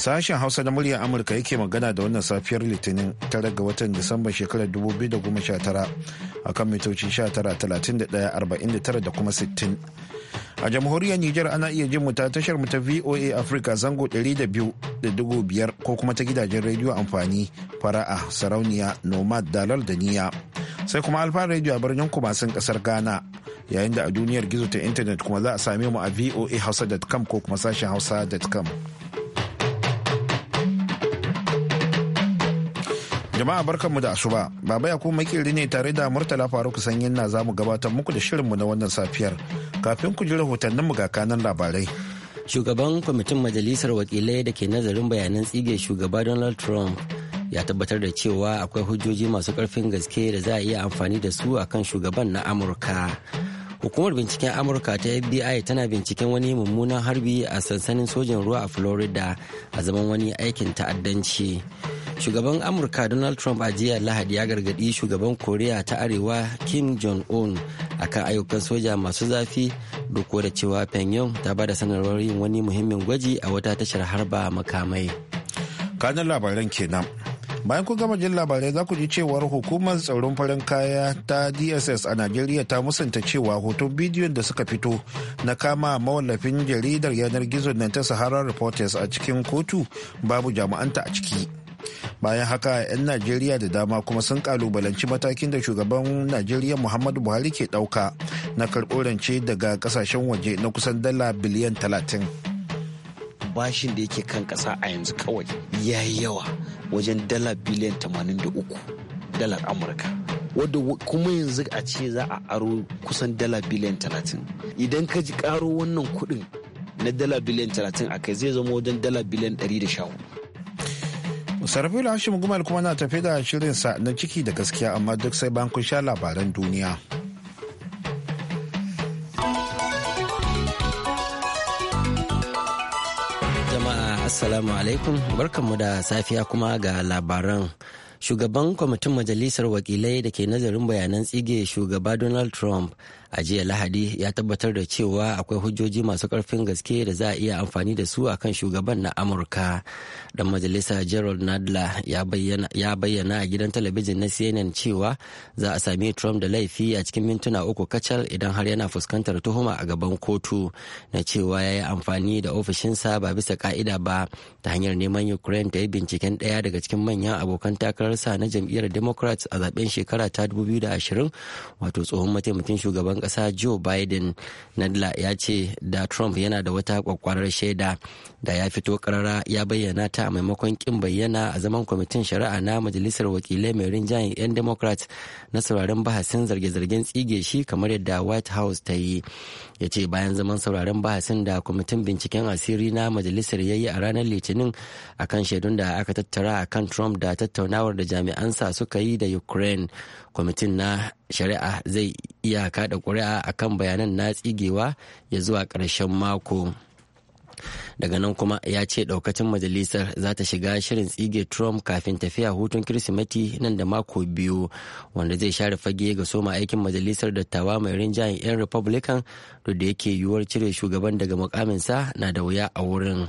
Sashen Hausa na muryar Amurka yake magana da wannan safiyar Litinin tara ga watan Disamba shekarar 2019 akan mitoci talatin da kuma 60. A jamhuriyar Nijar ana iya jin mu ta tashar mu ta VOA afirka zango 200.5 ko kuma ta gidajen rediyo amfani fara'a sarauniya nomad dalar da niya. Sai kuma alfa rediyo a birnin kumasin kasar Ghana yayin da a duniyar gizo ta intanet kuma za a same mu a voa hausa.com ko kuma sashen hausa.com. Jama'a barkanmu da asuba. Baba ya kuma ne tare da Murtala Faruk Sanyin na zamu gabatar muku da shirinmu na wannan safiyar. Kafin ku ji rahotanninmu ga kanan labarai. Shugaban kwamitin majalisar wakilai da ke nazarin bayanan tsige shugaba Donald Trump ya tabbatar da cewa akwai hujjoji masu karfin gaske da za a iya amfani da su akan shugaban na Amurka. Hukumar binciken Amurka ta FBI tana binciken wani mummunan harbi a sansanin sojin ruwa a Florida a zaman wani aikin ta'addanci. shugaban amurka donald trump a jiya lahadi ya gargadi shugaban koriya ta arewa kim jong-un a akan ayyukan soja masu zafi duk da cewa pyongyang ta bada sanarwar yin wani muhimmin gwaji a wata tashar harba makamai kanin labaran kenan bayan ku gama jin labarai za ku ji cewar hukumar tsaron farin kaya ta dss a najeriya ta musanta cewa hoton bidiyon da suka fito na kama mawallafin jaridar yanar gizo na ta sahara reporters a cikin kotu babu jami'anta a ciki bayan haka 'yan najeriya da dama kuma sun kalubalanci matakin da shugaban najeriya muhammadu buhari ke dauka na karɓo daga kasashen waje na kusan dala biliyan talatin. bashin da yake kan ƙasa a yanzu kawai ya yi yawa wajen dala biliyan 83 dalar amurka wadda kuma yanzu a ce za a aro kusan dala biliyan 30 idan ka ji karo wannan kuɗin na dala biliyan 30 a kai zai zama wajen dala biliyan 114 sarfil hashim gumal kuma na tafi da shirinsa na ciki da gaskiya amma duk sai ban kun sha labaran duniya jama'a assalamu alaikum barkanmu da safiya kuma ga labaran shugaban kwamitin majalisar wakilai da ke nazarin bayanan tsige shugaba donald trump a jiya lahadi ya tabbatar da cewa akwai hujjoji masu karfin gaske da za a iya amfani da su akan shugaban na amurka dan majalisa gerald nadler ya bayyana a gidan talabijin na cnn cewa za a sami trump da laifi a cikin mintuna uku kacal idan har yana fuskantar tuhuma a gaban kotu na cewa ya yi amfani da ofishinsa ba bisa ka'ida ba ta hanyar neman ukraine ta yi binciken daya daga cikin manyan abokan takararsa na jam'iyyar democrats a zaben shekara ta 2020 wato tsohon mataimakin shugaban kasa joe biden nadla ya ce da trump yana da wata kwakwarar shaida da ya fito karara ya bayyana ta a maimakon kin bayyana a zaman kwamitin shari'a na majalisar wakilai mai rinjayen 'yan democrat na sauraron bahasin zarge-zargen tsige shi kamar yadda white house ta yi ya ce bayan zaman sauraren bahasin da kwamitin binciken asiri na majalisar ya yi a ranar litinin a kan shaidun da aka tattara a kan trump da tattaunawar da jami'ansa suka yi da ukraine kwamitin na shari'a zai iya kada kuri'a kan bayanan na tsigewa ya zuwa ƙarshen mako. daga nan kuma ya ce daukacin majalisar za ta shiga shirin tsige trump kafin tafiya hutun kirsimeti nan da mako biyu wanda zai share fage ga soma aikin majalisar dattawa mai rinjayen 'yan republican duk da yake yiwuwar cire shugaban daga mukaminsa na da wuya a wurin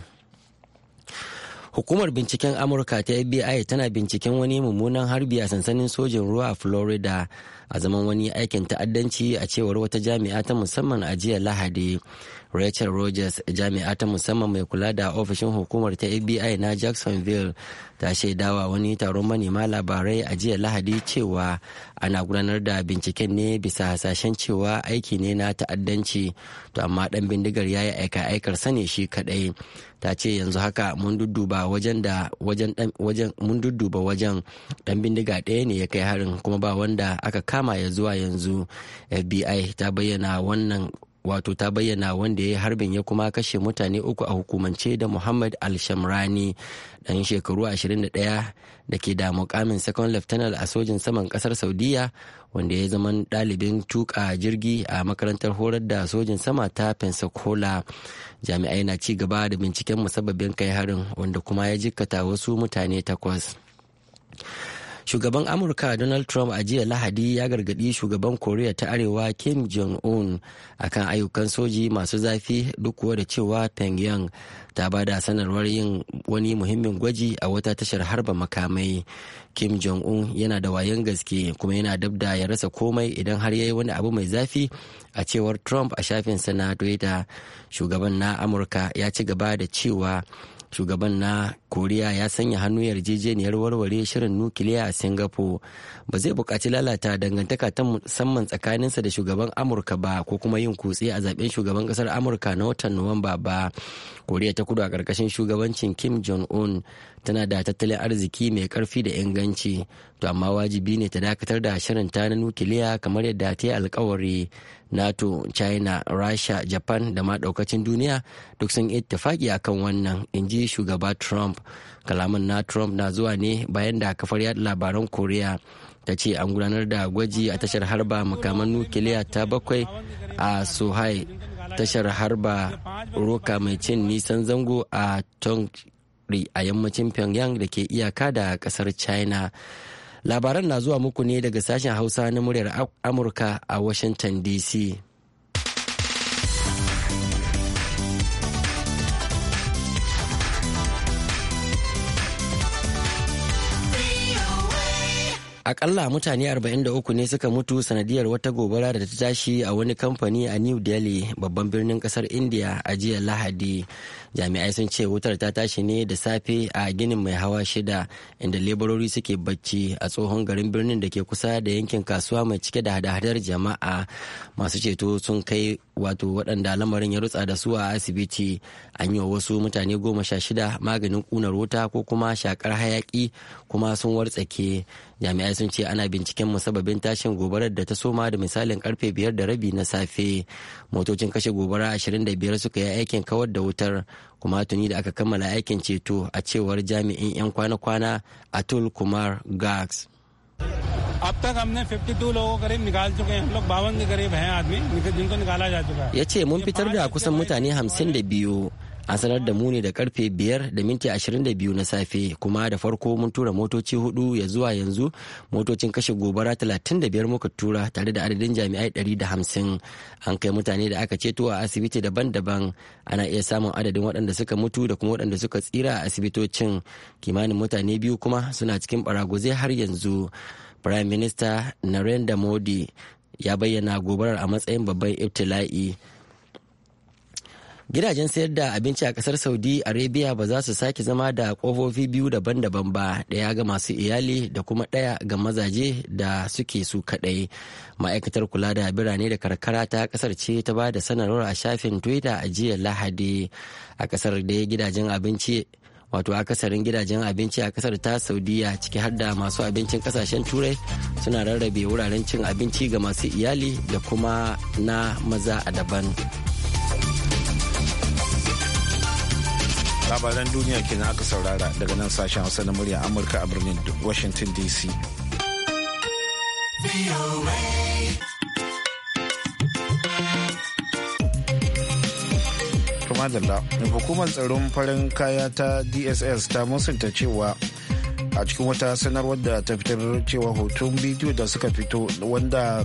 hukumar binciken amurka ta fbi tana binciken wani mummunan harbi a sansanin sojin ruwa a florida a zaman wani aikin ta'addanci a cewar wata jami'a ta musamman a jiya lahadi Rachel Rogers jami'a ta musamman mai kula da ofishin hukumar ta FBI na Jacksonville ta shaidawa wani taron manema labarai a jiya Lahadi cewa ana gudanar da binciken ne bisa hasashen cewa aiki ne na ta'addanci to amma dan bindigar ya yi aika-aikar sani shi kaɗai ta ce yanzu haka mun dudduba wajen wajen dan bindiga ɗaya ne ya kai harin kuma ba wanda aka kama ya zuwa yanzu FBI ta bayyana wannan wato ta bayyana wanda ya yi harbin ya kuma kashe mutane uku a hukumance da muhammad alshamrani dan shekaru 21 da ke da mukamin second lieutenant a sojin saman kasar saudiya wanda ya zaman dalibin tuka jirgi a makarantar horar da sojin sama ta pensacola jami'ai na ci gaba da binciken musabbabin kai harin wanda kuma ya jikkata wasu mutane takwas shugaban amurka donald trump a jiya lahadi ya gargadi shugaban koriya ta arewa kim jong-un akan ayyukan soji masu zafi duk kuwa da cewa pyongyang ta ba da sanarwar yin wani muhimmin gwaji a wata tashar harba makamai kim jong-un yana da wayan gaske kuma yana dab da ya rasa komai idan har ya yi wani abu mai zafi a cewar trump a shafin sana twitter shugaban na amurka ya ci gaba da cewa shugaban na koriya ya sanya hannu yarjejeniyar warware shirin nukiliya a singapore ba zai buƙaci lalata dangantaka ta musamman tsakaninsa da shugaban amurka ba ko kuma yin kutse a zaben shugaban ƙasar amurka na watan nuwamba ba koriya ta kudu a ƙarƙashin shugabancin kim jong-un tana da tattalin arziki mai ƙarfi da inganci to amma wajibi ne ta dakatar da shirin ta na nukiliya kamar yadda ta yi alkawari nato china rasha japan da ma daukacin duniya duk sun ittifaƙi akan wannan in ji shugaba trump kalaman na trump na zuwa ne bayan da kafar yada labaran koriya ta ce an gudanar da gwaji a tashar harba makaman nukiliya ta bakwai a sohai tashar harba roka mai cin nisan zango a tongri a yammacin pyongyang da ke iyaka da kasar china labaran na zuwa muku ne daga sashen hausa na muryar amurka a washington dc Akalla mutane 43 ne suka mutu sanadiyar wata gobara da ta tashi a wani kamfani a New Delhi babban birnin kasar India a jiya Lahadi. Jami'ai sun ce wutar ta tashi ne da safe a ginin mai hawa shida inda leburori suke bacci a tsohon garin birnin da ke kusa da yankin kasuwa mai cike da hada-hadar jama'a masu ceto sun kai wato waɗanda lamarin ya rutsa da su a asibiti an yi wa wasu mutane goma sha shida maganin ƙunar wuta ko kuma shakar hayaki kuma sun wartsake jami'ai sun ce ana binciken musababin tashin gobarar da ta soma da misalin karfe biyar da rabi na safe motocin kashe gobara ashirin da biyar suka yi aikin kawar da wutar kuma tuni da aka kammala aikin ceto a cewar jami'in 'yan kwana-kwana atul kumar gags अब तक हमने 52 लोगों करीब निकाल चुके हैं हम लोग बावन के करीब हैं आदमी जिनको निकाला जा चुका है ya मुन mun भी आपको kusan mutane हम Singh biyu an sanar da mu ne da karfe 5 da minti 22 na safe kuma da farko mun tura motoci hudu ya zuwa yanzu motocin kashe gobara 35 muka tura tare da adadin jami'ai 150 an kai mutane da aka ceto a asibiti daban-daban ana iya samun adadin waɗanda suka mutu da kuma waɗanda suka tsira a asibitocin kimanin mutane biyu kuma suna cikin baragoze har yanzu prime minister narendra modi ya bayyana gobarar a matsayin babban ibtila'i gidajen sayar da abinci a kasar saudi arabia ba za su sake zama da kofofi biyu daban-daban ba ɗaya ga masu iyali da kuma ɗaya ga mazaje da suke su kaɗai ma'aikatar kula da birane da karkara ta kasar ce ta ba da sanarwar a shafin twitter a jiya lahadi a kasar da gidajen abinci wato akasarin gidajen abinci a kasar ta saudiya ciki har da masu abincin kasashen turai suna rarrabe wuraren cin abinci ga masu iyali da kuma na maza a daban labaran duniya kenan aka saurara daga nan sashen hausa na murya amurka a birnin washington dc madalla hukumar tsaron farin kaya ta dss ta musanta cewa a cikin wata sanarwar da ta fitar cewa hoton bidiyo da suka fito wanda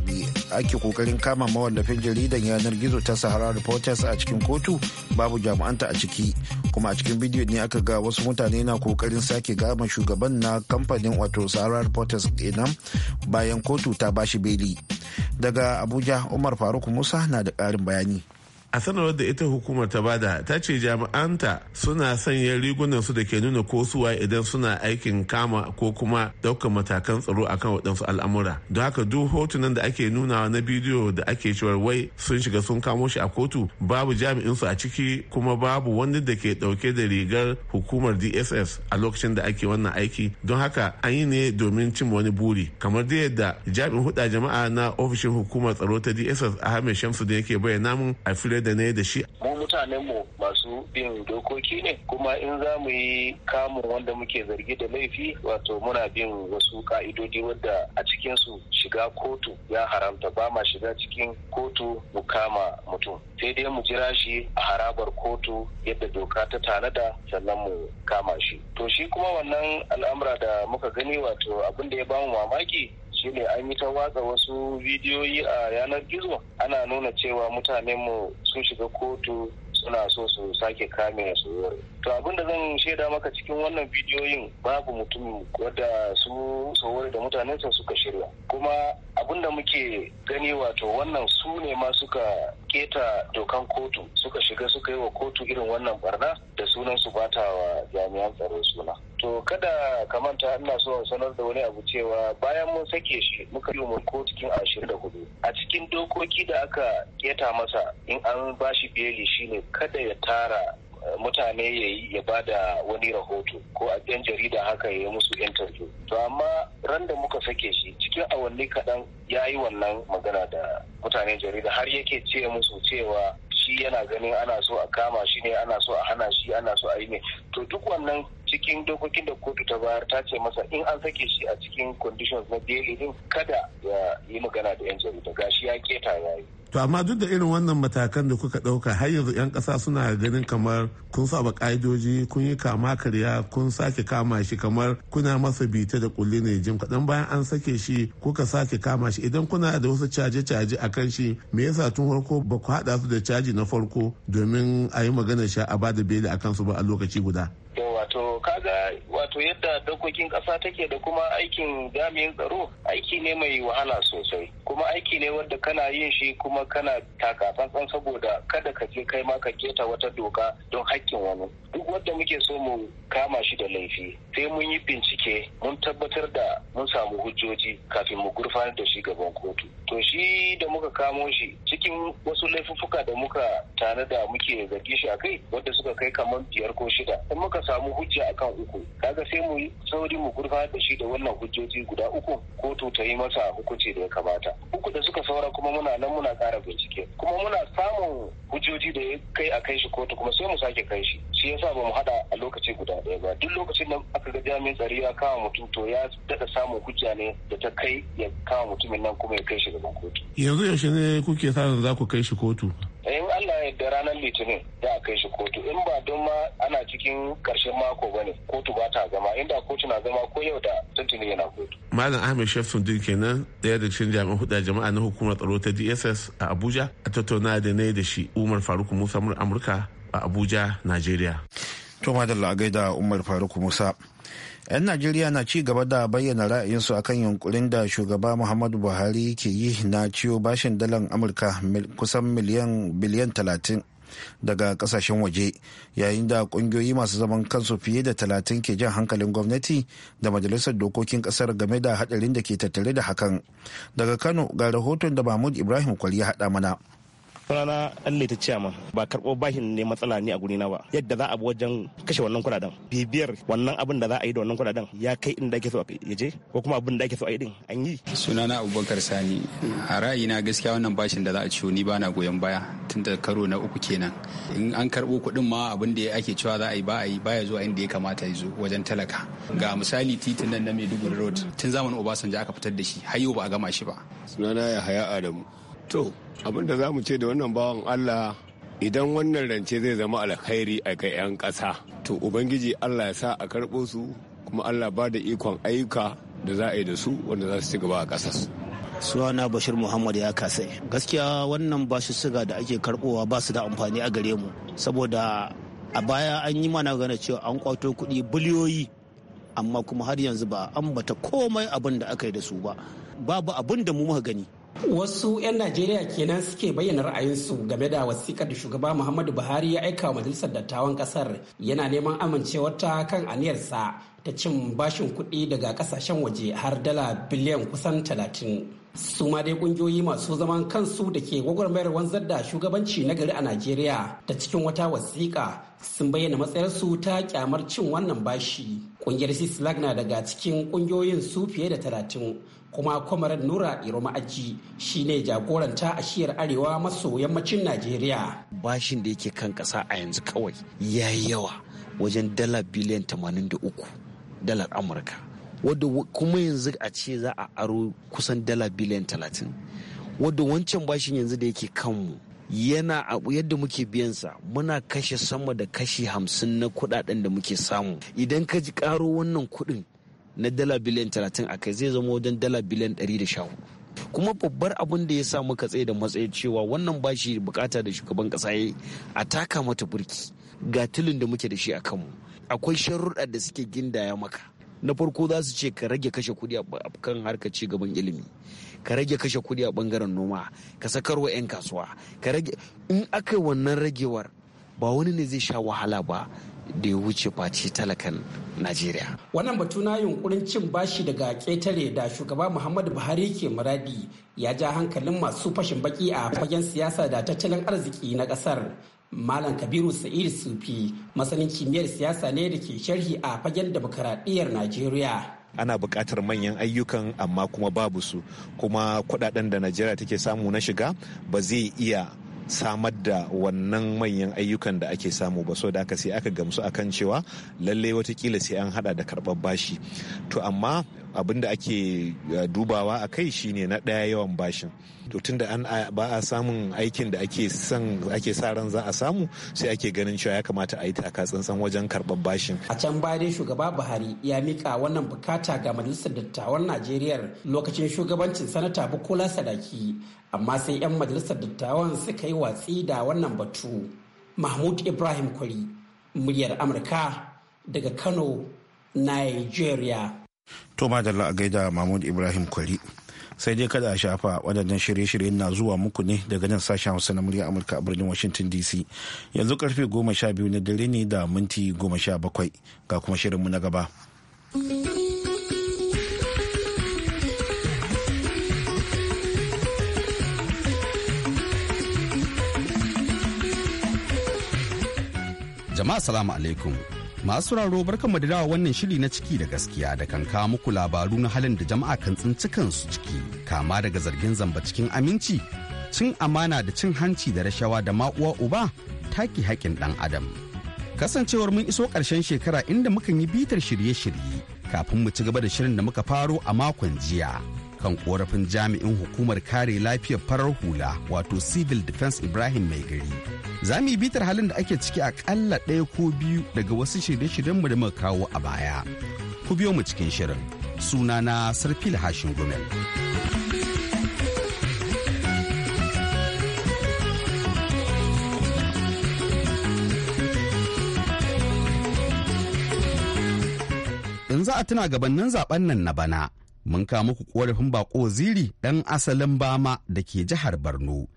ake kokarin kama mawallafin jaridan yanar gizo ta sahara reporters a cikin kotu babu jami'anta a ciki kuma a cikin bidiyo ne aka ga wasu mutane na kokarin sake gama shugaban na kamfanin wato sarar reporters inam bayan kotu ta bashi beli daga abuja umar faruk musa na da ƙarin bayani a sanarwar da ita hukumar ta bada ta ce jami'anta suna sanya rigunan su da ke nuna ko suwa idan suna aikin kama ko kuma daukan matakan tsaro akan waɗansu al'amura don haka duk hotunan da ake nuna na bidiyo da ake cewar wai sun shiga sun kamo shi a kotu babu jami'in su a ciki kuma babu wani da ke dauke da rigar hukumar dss a lokacin da ake wannan aiki don haka an yi ne domin cin wani buri kamar dai yadda jami'in huda jama'a na ofishin hukumar tsaro ta dss ahmed shamsu da yake bayyana mun a hira da na da shi. mutanenmu masu bin dokoki ne kuma in za mu yi kamun wanda muke zargi da laifi wato muna bin wasu ka'idodi wadda a cikinsu shiga kotu ya haramta ba ma shiga cikin kotu mu kama mutum sai dai mu jira shi a harabar kotu yadda doka ta tanada sannan mu kama shi to shi kuma wannan al'amura da muka gani wato abin da ya bamu mamaki shine an yi ta watsa wasu bidiyoyi a yanar gizo ana nuna cewa mutanen mu sun shiga kotu suna so su sake kame su to abin da zan shaida maka cikin wannan bidiyoyin babu mutum wadda su saurari da mutanensa suka shirya kuma abin da muke gani wato wannan su ne ma suka keta dokan kotu suka shiga suka yi wa kotu irin wannan barna da sunan su bata wa jami'an tsaro suna to kada ka manta ina so sanar da wani abu cewa bayan mun sake shi muka yi mu kotu cikin ashirin da hudu a cikin dokoki da aka keta masa in an bashi beli shine kada ya tara mutane ya yi ya ba da wani rahoto ko a ɗan jarida haka ya yi musu interview to amma ran da muka sake shi cikin awanni kaɗan ya yi wannan magana da mutane jarida har yake ce musu cewa shi yana ganin ana so a kama shi ne ana so a hana shi ana so a yi ne to duk wannan cikin dokokin da kotu ta bayar ta ce masa in an sake shi a cikin conditions na beli din kada ya yi magana da yan jarida gashi ya keta ya to amma duk da irin wannan matakan da kuka dauka har yanzu yan kasa suna ganin kamar kun saba ka'idoji kun yi kama karya kun sake kama shi kamar kuna masa bita da kulli ne jim kadan bayan an sake shi kuka sake kama shi idan kuna da wasu caje-caje a kan shi me yasa tun farko ba ku hada su da caji na farko domin a yi magana sha a bada beli a kansu ba a lokaci guda wato kaga wato yadda dokokin ƙasa take da kuma aikin jami'in tsaro aiki ne mai wahala sosai kuma aiki ne wanda kana yin shi kuma kana taka tsantsan saboda kada ka je kai ma ka keta wata doka don hakkin wani duk wanda muke so mu kama shi da laifi sai mun yi bincike mun tabbatar da mun samu hujjoji kafin mu gurfanar da shi gaban kotu to shi da muka kamo shi cikin wasu laifuffuka da muka tare da muke zargi shi a kai wanda suka kai kamar biyar ko shida in muka samu hujja akan uku kaga sai mu sauri mu gurfa da shi da wannan hujjoji guda uku kotu ta yi masa hukunci da ya kamata uku da suka saura kuma muna nan muna kara bincike kuma muna samun hujjoji da ya kai a kai shi kotu kuma sai mu sake kai shi shi yasa ba mu hada a lokaci guda ɗaya ba duk lokacin da aka ga jami'in tsari ya kama mutum to ya daɗa samun hujja ne da ta kai ya kama mutumin nan kuma ya kai shi gaban kotu yanzu yaushe ne kuke sa za ku kai shi kotu litinin da a kai shi kotu in ba don ma ana cikin karshen mako bane kotu ba ta zama inda kotu na zama ko yau da tuntuni yana kotu. malam ahmed shafsun din kenan daya da cikin jami'an hudu jama'a na hukumar tsaro ta dss a abuja a tattauna da ne da shi umar faruk musa mur amurka a abuja nigeria. to madalla gaida umar faruk musa 'yan najeriya na ci gaba da bayyana ra'ayinsu akan yunkurin da shugaba muhammadu buhari ke yi na ciwo bashin dalar amurka kusan miliyan biliyan talatin daga kasashen waje yayin da kungiyoyi masu zaman kansu fiye da talatin ke jan hankalin gwamnati da majalisar dokokin kasar game da hadarin da ke tattare da hakan daga kano ga rahoton da mahmud ibrahim kwari ya haɗa mana sunana Allah ta ciyama ba karbo bashin ne matsala ne a guri na ba yadda za a bi wajen kashe wannan kudaden bibiyar wannan abin da za a yi da wannan kudaden ya kai inda ake so ya je ko kuma abin da ake so a yi din an yi sunana Abubakar Sani a na gaskiya wannan bashin da za a ciwo ni ba na goyon baya tun da karo na uku kenan in an karbo kuɗin ma abin da ake cewa za a yi ba a yi baya zuwa inda ya kamata ya zo wajen talaka ga misali titin nan na Maiduguri Road tun zamanin Obasanjo aka fitar da shi har yau ba a gama shi ba sunana Yahaya Adamu to abin da za mu ce da wannan bawan allah idan wannan rance zai zama alkhairi a ga 'yan ƙasa to ubangiji allah ya sa a karɓo su kuma allah ba da ikon ayyuka da za a yi da su wanda za su ci gaba a ƙasar Suwana bashir muhammad ya kasa gaskiya wannan bashi siga da ake karɓowa ba su da amfani a gare mu saboda a baya an yi mana gana cewa an kwato kuɗi biliyoyi amma kuma har yanzu ba an bata komai abin da aka yi da su ba babu abin da mu muka gani Wasu 'yan Najeriya kenan suke bayyana ra'ayinsu game da wasikar da shugaba Muhammadu Buhari ya aika wa majalisar dattawan kasar yana neman amincewarta kan aniyarsa ta cin bashin kuɗi daga kasashen waje har dala biliyan kusan talatin. su ma dai kungiyoyi masu zaman kansu da ke gwagwarmayar wanzar da shugabanci na gari a najeriya ta cikin wata wasiƙa sun bayyana matsayarsu ta kyamar cin wannan bashi Ƙungiyar sislag na daga cikin kungiyoyin su fiye da talatin kuma kwamarar nura iro aji shine jagoranta a shiyar arewa maso yammacin najeriya bashin da yake kan kasa a yanzu kawai ya yi yawa wajen dala biliyan 83 dalar amurka wadda kuma yanzu a ce za a aro kusan dala biliyan talatin, wadda wancan bashin yanzu da yake kanmu yana abu yadda muke biyansa muna kashe sama da kashi hamsin na kudaden da muke samu idan ka ji karo wannan kudin na dala biliyan 30 a kai zai zama wajen dala biliyan 114 kuma babbar abin da ya sa muka tsaye da matsayi cewa wannan bashi bukata da shugaban kasa ya a taka mata burki ga tilin da muke da shi a kanmu akwai sharuɗa da suke gindaya maka na farko za su ce ka rage kashe kuɗi a kan harkar ci gaban ilimi ka rage kashe kuɗi a bangaren noma ka sakarwa 'yan kasuwa in aka yi wannan ragewar ba wani ne zai sha wahala ba da ya wuce kwaci talakan najeriya wannan batu na yunkurin cin bashi daga ƙetare da shugaba muhammadu buhari ke muradi ya ja hankalin masu fashin baki a fagen siyasa da tattalin arziki na ƙasar Malam Kabiru Sa'id Sufi masanin kimiyyar siyasa ne da ke sharhi a fagen demokaradiyyar Najeriya. ana buƙatar manyan ayyukan amma kuma babu su kuma kuɗaɗen da najeriya take samu na shiga ba zai iya samar da wannan manyan ayyukan da ake samu ba so da aka sai aka gamsu akan cewa lallai watakila sai an hada da karɓar bashi to amma abin da ake eh, dubawa a kai shine na ɗaya yawan bashin to tunda an ba a samun aikin da ake son ake sa ran za a samu sai ake ganin cewa ya kamata a yi taka tsantsan wajen karɓar bashin a can baya dai shugaba Buhari ya mika wannan bukata ga majalisar dattawan Najeriya lokacin shugabancin sanata Bukola Sadaki amma sai 'yan majalisar dattawan suka yi watsi da wannan batu Mahmud Ibrahim Kwari muryar Amurka daga Kano Nigeria To madalla a gaida Mahmud Ibrahim Kwari. Sai dai kada a shafa waɗannan shirye-shiryen na zuwa muku ne daga nan sashen Hausa na murya Amurka a birnin Washington DC. Yanzu karfe goma sha biyu na dare ne da minti goma sha bakwai ga kuma shirinmu na gaba. Jama'a salamu alaikum. Masu raro barkanmu da dawa wannan shiri na ciki da gaskiya da kan kawo muku labaru na halin da jama'a kan tsinci su ciki kama daga zargin zamba cikin aminci cin amana da cin hanci da rashawa da ma'uwa uba taki haƙƙin ɗan adam. Kasancewar mun iso ƙarshen shekara inda mukan yi bitar shirye-shirye kafin mu ci gaba da shirin da muka faro a makon jiya. kan korafin jami'in hukumar kare lafiyar farar hula wato civil defense ibrahim mai gari Za mu yi bitar halin da ake ciki akalla ɗaya ko biyu daga wasu shirye-shiryenmu da muka kawo a baya. Ku biyo mu cikin shirin. suna na Sarfil Hashin Gumel. in za a tuna gabanin zaben nan na bana mun kawo muku korafin bako ziri ɗan asalin bama da ke jihar borno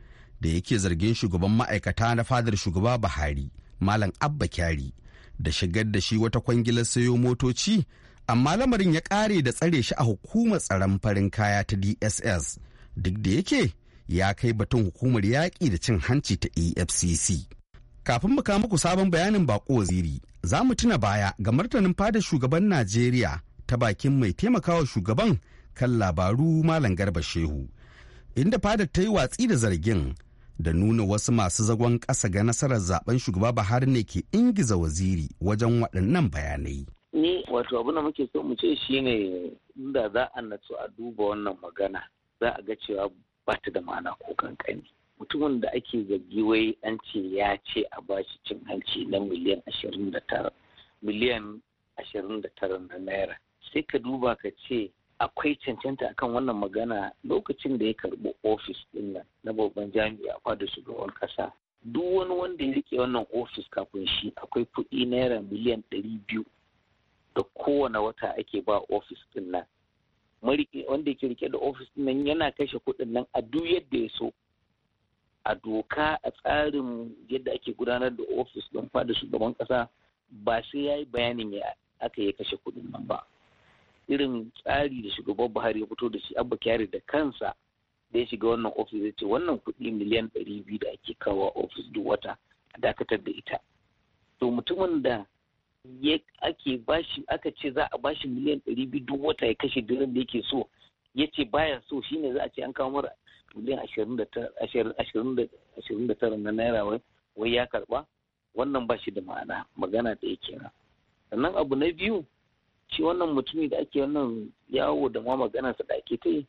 da yake zargin shugaban ma'aikata na fadar shugaba buhari malam abba kyari da shigar da shi wata kwangilar sayo motoci amma lamarin ya kare da tsare shi a hukumar tsaron farin kaya ta dss duk da yake ya kai batun hukumar yaƙi da cin hanci ta efcc kafin mu muku sabon bayanin bako waziri za mu tuna baya ga martanin fadar shugaban najeriya ta bakin mai taimakawa shugaban kan labaru malam garba shehu inda fadar ta yi watsi da zargin da nuna wasu masu zagon ƙasa ga nasarar zaben shugaba Buhari ne ke ingiza waziri wajen waɗannan bayanai. Ni wato abin da muke so mu ce shi ne inda za a natsu a duba wannan magana za a ga cewa ba ta da ma'ana ko kankani. Mutumin da ake zargi wai an ce ya ce a bashi cin hanci na miliyan ashirin da tara miliyan ashirin da tara na naira. Sai ka duba ka ce akwai cancanta a kan wannan magana lokacin da ya karbi ofis din nan na babban jami'a fada shugaban kasa duk wani wanda ya rike wannan ofis kafin shi akwai kuɗi naira miliyan ɗari biyu da kowane wata ake ba ofis din nan wanda yake rike da ofis din nan yana kashe kuɗin nan a duk yadda ya so a doka a tsarin yadda ake gudanar da ofis don fada shugaban kasa ba sai ya yi bayanin ya aka yi kashe kuɗin nan ba. irin tsari da shugaban buhari ya fito da shi abba kyari da kansa da ya shiga wannan ofis ya ce wannan kuɗi miliyan ɗari biyu da ake kawo ofis duk wata a dakatar da ita to mutumin da ya ake bashi aka ce za a bashi miliyan ɗari biyu duk wata ya kashe duran da yake so ya ce baya so shine za a ce an kawo mara miliyan ashirin da tara na naira wai ya karba wannan ba shi da ma'ana magana da yake sannan abu na biyu shi wannan mutumi da ake wannan yawo da ma magana sa da ake ta yi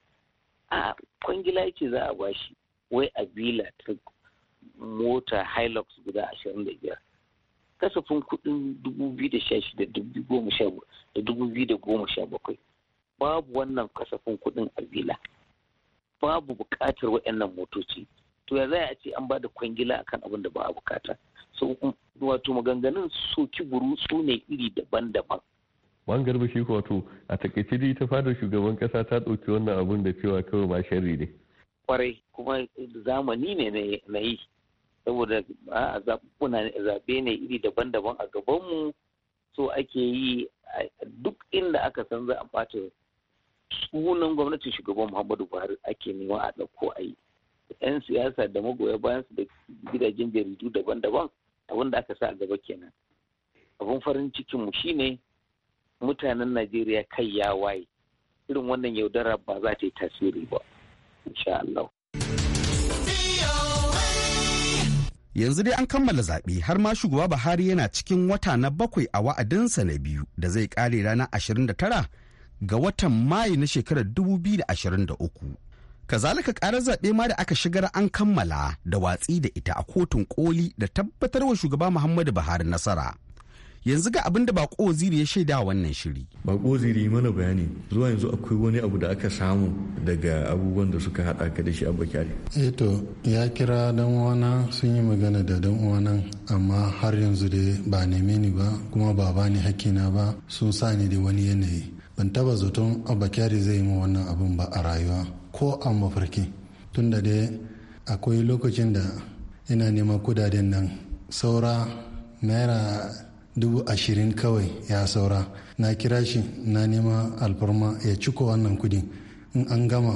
a kwangila yake za a bashi wai a bila ta mota hilux guda ashirin da biyar kasafin kudin dubu biyu da sha shida da dubu biyu da goma sha bakwai babu wannan kasafin kudin a bila babu bukatar waɗannan motoci to ya za a ce an ba da kwangila akan abin da ba a bukata wato maganganun soki burutsu ne iri daban-daban man garba shi ko wato a takaice dai ta fadar shugaban kasa ta ɗauki wannan abun da cewa kawai ma sharri ne kwarai kuma zamani ne na yi saboda a zaɓe ne iri daban-daban a gabanmu so ake yi duk inda aka san za a ɓata sunan gwamnatin shugaban muhammadu buhari ake nema a ɗauko a yi 'yan siyasa da magoya bayan su da gidajen jaridu daban-daban abin da aka sa a gaba kenan abin farin cikinmu shine mutanen Najeriya kai ya waye irin wannan yaudara ba za ta yi tasiri ba insha Allah yanzu dai an kammala zaɓe har ma shugaba Buhari yana cikin wata na bakwai a wa'adinsa na biyu da zai ƙare ranar 29 ga watan Mayu na shekarar 2023. Kazalika ƙarar zaɓe ma da aka shigar an kammala da watsi da ita a kotun koli da tabbatar wa shugaba Muhammadu Buhari nasara. yanzu ga abin da bako waziri ya shaida wannan shiri bako waziri mana bayani zuwa yanzu akwai wani abu da aka samu daga abubuwan da suka hada ka da shi a bakari eh ya kira dan uwana sun yi magana da dan uwana amma har yanzu dai ba neme ni ba kuma ba bani hakkina ba sun sa ni da wani yanayi ban taba zaton abakari zai yi ma wannan abun ba a rayuwa ko a mafarki tunda dai akwai lokacin da ina neman kudaden nan saura naira dubu ashirin kawai ya saura na kira shi na nema alfarma ya ciko wannan kudin in an gama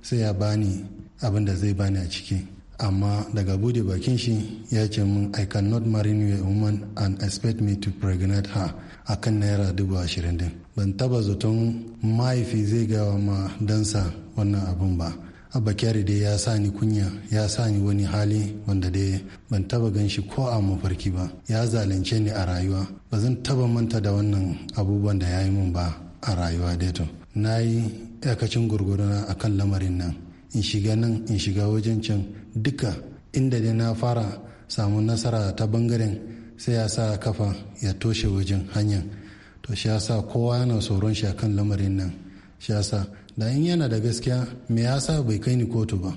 sai ya bani abin da zai bani a ciki amma daga bude bakin shi ya ce min i cannot marry a woman and expect me to pregnant her akan naira dubu ashirin din ban taba zaton mahaifi zai gawa ma dansa wannan abin ba abba kyari dai ya sa ni kunya ya sa ni wani hali wanda dai ban taba gan shi ko a mafarki ba ya zalunce ni a rayuwa ba zan taba manta da wannan abubuwan da ya yi min ba a rayuwa dai to na yi yakacin gurguruna a kan lamarin nan in shiga nan in shiga wajen can duka inda dai na fara samu nasara ta bangaren sai ya sa kafa ya toshe wajen hanyar to shi ya sa kowa yana tsoron shi a kan lamarin nan shi ya sa da in yana da gaskiya me yasa bai kai ni kotu ba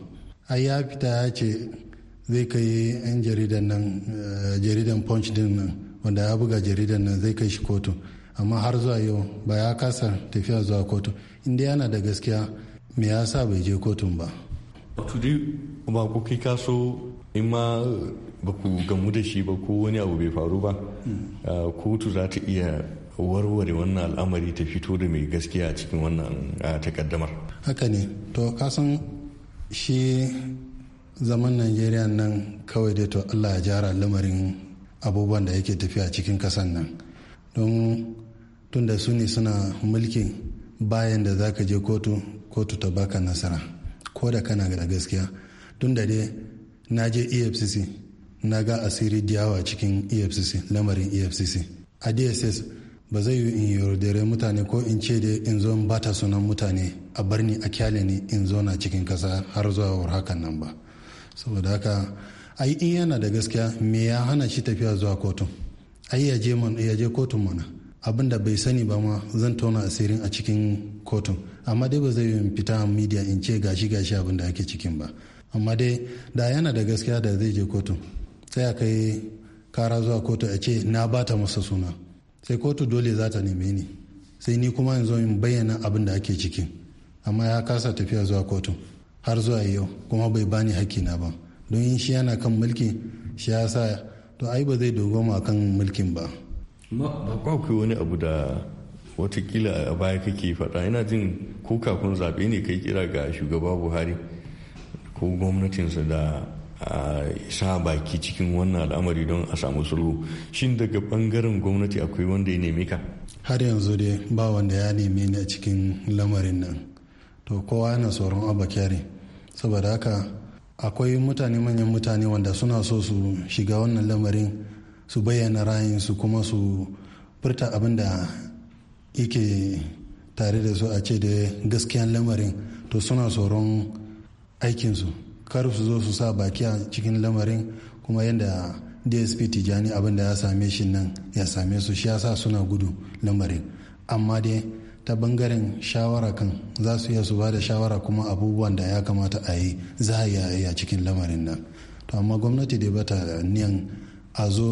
ai ya fita ya ce zai kai yan jaridan nan eh, jaridan punch din nan wanda ya buga jaridan nan zai kai shi kotu amma har zuwa yau ba ya kasa tafiya zuwa kotu inda yana da gaskiya me yasa bai je kotun ba tudi ba ku in ma ba ku gamu da shi ba ko wani abu bai faru ba hmm. eh, kotu za ta iya warware wannan al'amari ta fito da mai gaskiya a cikin wannan takaddamar haka ne to kasan shi zaman najeriya nan kawai dai to allah ya jara lamarin abubuwan da yake tafiya cikin kasan nan don tun da su ne suna mulkin bayan da za ka je kotu kotu ta baka nasara ko da kana da gaskiya tun da dai na je efcc na ga asiri diyawa cikin efcc lamarin efcc a dss ba zai yi in yaudare mutane ko in ce da in zo ba ta sunan mutane a bar ni a kyale ni in zo na cikin kasa har zuwa wa hakan nan ba saboda haka ai in yana da gaskiya me ya hana shi tafiya zuwa kotun ai ya je man ya je kotun mana abin da bai sani ba ma zan tona asirin a cikin kotun amma dai ba zai yi fita a media in ce gashi gashi abin da ake cikin ba amma dai da yana da gaskiya da zai je kotun sai a kai kara zuwa kotu a ce na bata masa suna sai kotu dole za ta neme ni sai ni kuma yanzu in bayyana abin da ake cikin amma ya kasa tafiya zuwa kotu har zuwa yau kuma bai bani na ba don in shi yana kan mulki shi ya sa to ai ba zai dogoma kan mulkin ba ba kai wani abu da watakila a baya kake faɗa ina jin ko kafin zaɓe ne kai kira ga shugaba buhari ko gwamnatinsa da a sa baki cikin wannan al'amari don a samu sulhu shin daga bangaren gwamnati akwai wanda ya nemi ka har yanzu dai ba wanda ya nemi ni a cikin lamarin nan to kowa yana tsoron abakari saboda haka akwai mutane manyan mutane wanda suna so su shiga wannan lamarin su bayyana su kuma su furta abin da yake tare da su a ce da gaskiyan lamarin to suna tsoron aikinsu kar su zo su sa baki a cikin lamarin kuma yadda dsp tijani abin da ya same shi nan ya same su shi yasa suna gudu lamarin amma dai ta bangaren shawara kan za su iya su ba da shawara kuma abubuwan da ya kamata a yi za a yi a cikin lamarin nan to amma gwamnati dai bata niyan a zo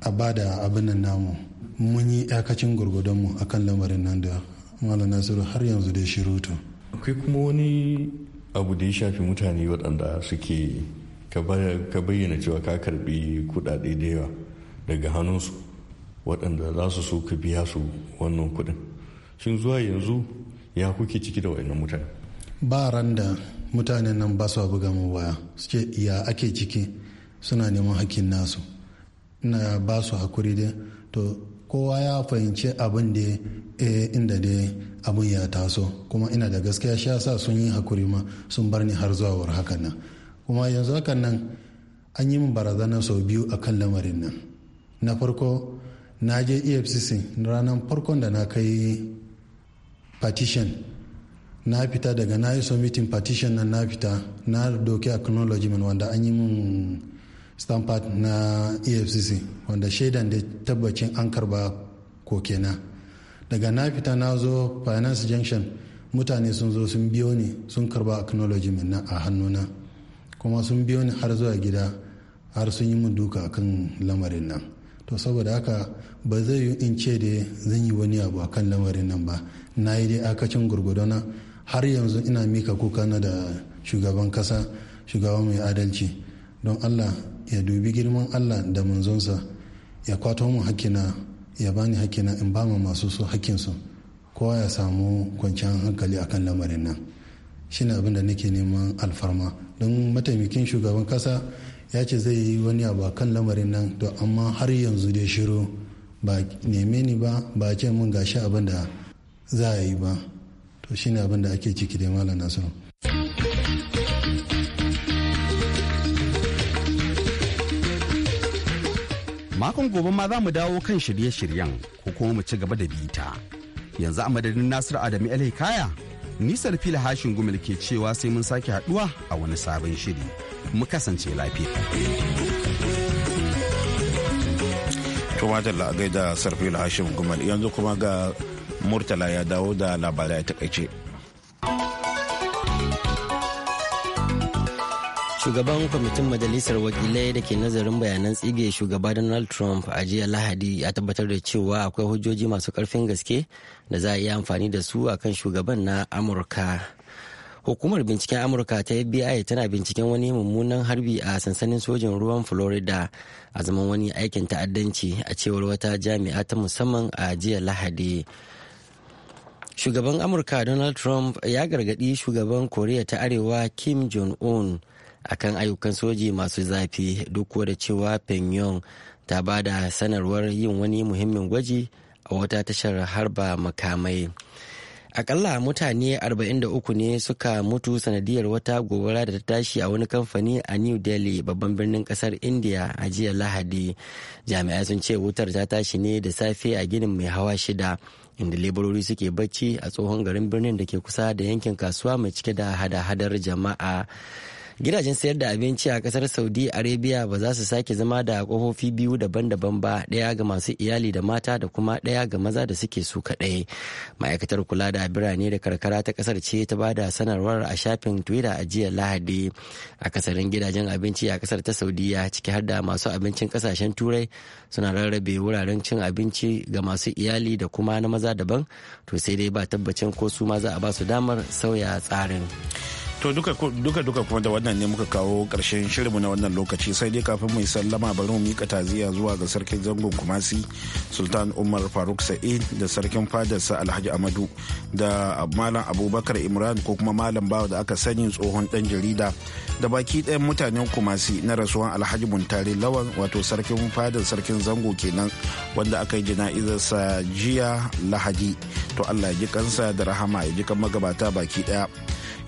a ba da abin nan namu mun yi yakacin a akan lamarin nan da malam nasiru har yanzu dai shirutu akwai kuma wani abu da ya shafi mutane waɗanda suke ka bayyana cewa ka karbi kuɗaɗe da yawa daga hannunsu waɗanda za su so ka biya su wannan kuɗin shin zuwa yanzu ya kuke ciki da waɗannan mutane ba ran da mutanen nan ba su buga mu baya suke ya ake ciki suna neman hakkin nasu ina ba su hakuri da to kowa ya fahimci abin da eh, inda da abin ya taso kuma ina da gaskiya shi yasa sun yi hakuri ma sun bar ni har zuwa war hakan nan kuma yanzu haka nan an yi min barazana sau biyu a kan lamarin nan na farko na je efcc ranar farkon da na kai partition na fita daga na yi submitting partition nan na fita na doki man wanda an yi min stanford na efcc wanda shaidan da tabbacin an karba kokena daga na fita na zo finance junction mutane sun zo sun biyo ni sun karba min na a hannuna kuma sun biyo ni har zuwa gida har sun yi mun duka kan lamarin nan to saboda haka ba zai yi in ce da zan yi wani abu kan lamarin nan ba na yi dai akacin gurgudana har yanzu ina mika kuka na da shugaban kasa shugaban mai adalci don allah ya dubi girman allah da manzonsa ya kwato mu hakina ya bani hakina in ba mu masu su hakkinsu kowa ya samu kwanciyar hankali akan lamarin nan shine abin da nake neman alfarma don mataimakin shugaban kasa ya ce zai yi wani abu kan lamarin nan to amma har yanzu dai shiru ba neme ni ba ba ce mun gashi abin da za a yi ba to ne abin da ake ciki da malam nasiru makon gobe ma za mu dawo kan shirye-shiryen ko kuma mu ci gaba da bita yanzu a madadin nasiru adamu kaya nisar fila hashin gumil ke cewa sai mun sake haduwa a wani sabon shiri mu kasance lafiya to madalla a gaida sarfi gumal yanzu kuma ga murtala ya dawo da labarai a takaice shugaban kwamitin majalisar wakilai da ke nazarin bayanan tsige shugaba donald trump a jiya lahadi ya tabbatar da cewa akwai hujjoji masu karfin gaske da za a iya amfani da su akan shugaban na amurka hukumar binciken amurka ta fbi tana binciken wani mummunan harbi a sansanin sojin ruwan florida a zaman wani aikin ta'addanci a cewar wata jami'a ta musamman a jiya lahadi shugaban amurka donald trump ya gargadi shugaban koriya ta arewa kim jong-un akan ayyukan soji masu zafi duk da cewa pyongyang ta ba da sanarwar yin wani muhimmin gwaji a wata tashar harba makamai akalla mutane 43 ne suka mutu sanadiyar wata gobara da ta tashi a wani kamfani a new delhi babban birnin kasar india a jiya lahadi jami'ai sun ce wutar ta tashi ne da safe a ginin mai hawa shida inda leburori suke bacci a tsohon garin birnin da ke kusa da yankin kasuwa mai cike da hada-hadar jama'a gidajen sayar da abinci a kasar saudi arabia ba za su sake zama da kofofi biyu daban-daban ba ɗaya ga masu iyali da mata da kuma ɗaya ga maza da suke su kaɗai ma'aikatar kula da birane da karkara ta kasar ce ta ba da sanarwar a shafin twitter a jiya lahadi a kasarin gidajen abinci a kasar ta saudiya ciki har da masu abincin kasashen turai suna rarrabe wuraren cin abinci ga masu iyali da kuma na maza daban to sai dai ba tabbacin ko su ma za a ba su damar sauya tsarin. To duka duka kuma da wannan ne muka kawo karshen shirinmu na wannan lokaci sai dai kafin mu sallama bari mu miƙa taziya zuwa ga sarkin zangon Kumasi Sultan Umar Faruk Sa'id da sarkin fadarsa Alhaji Amadu da Malam Abubakar Imran ko kuma Malam Bawa da aka sani tsohon dan jarida da baki ɗayan mutanen Kumasi na rasuwan Alhaji Muntari Lawan wato sarkin fadar sarkin zango kenan wanda aka yi jana'izarsa jiya Lahadi to Allah ya ji kansa da rahama ya ji kan magabata baki ɗaya.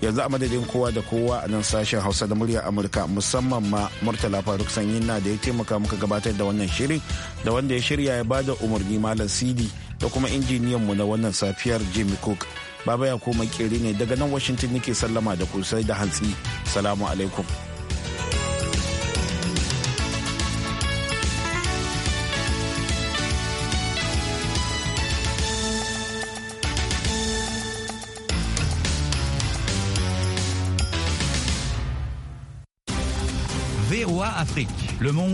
yanzu a madadin kowa da kowa a nan sashen hausa da murya amurka musamman ma murtala faruk sanyin na da ya taimaka muka gabatar da wannan shirin da wanda ya shirya ya bada umarni malam sidi da kuma injiniyan mu na wannan safiyar jimmy cook baba ya koma kere ne daga nan washington nake sallama da kusai da hantsi salamu alaikum Afrique. Le monde